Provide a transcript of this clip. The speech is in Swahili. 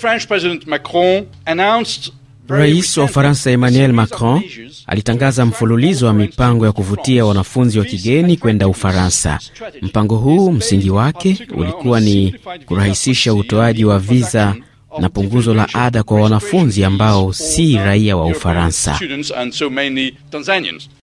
Rais wa Ufaransa Emmanuel Macron alitangaza mfululizo wa mipango ya kuvutia wanafunzi wa kigeni kwenda Ufaransa. Mpango huu msingi wake ulikuwa ni kurahisisha utoaji wa viza na punguzo la ada kwa wanafunzi ambao si raia wa Ufaransa.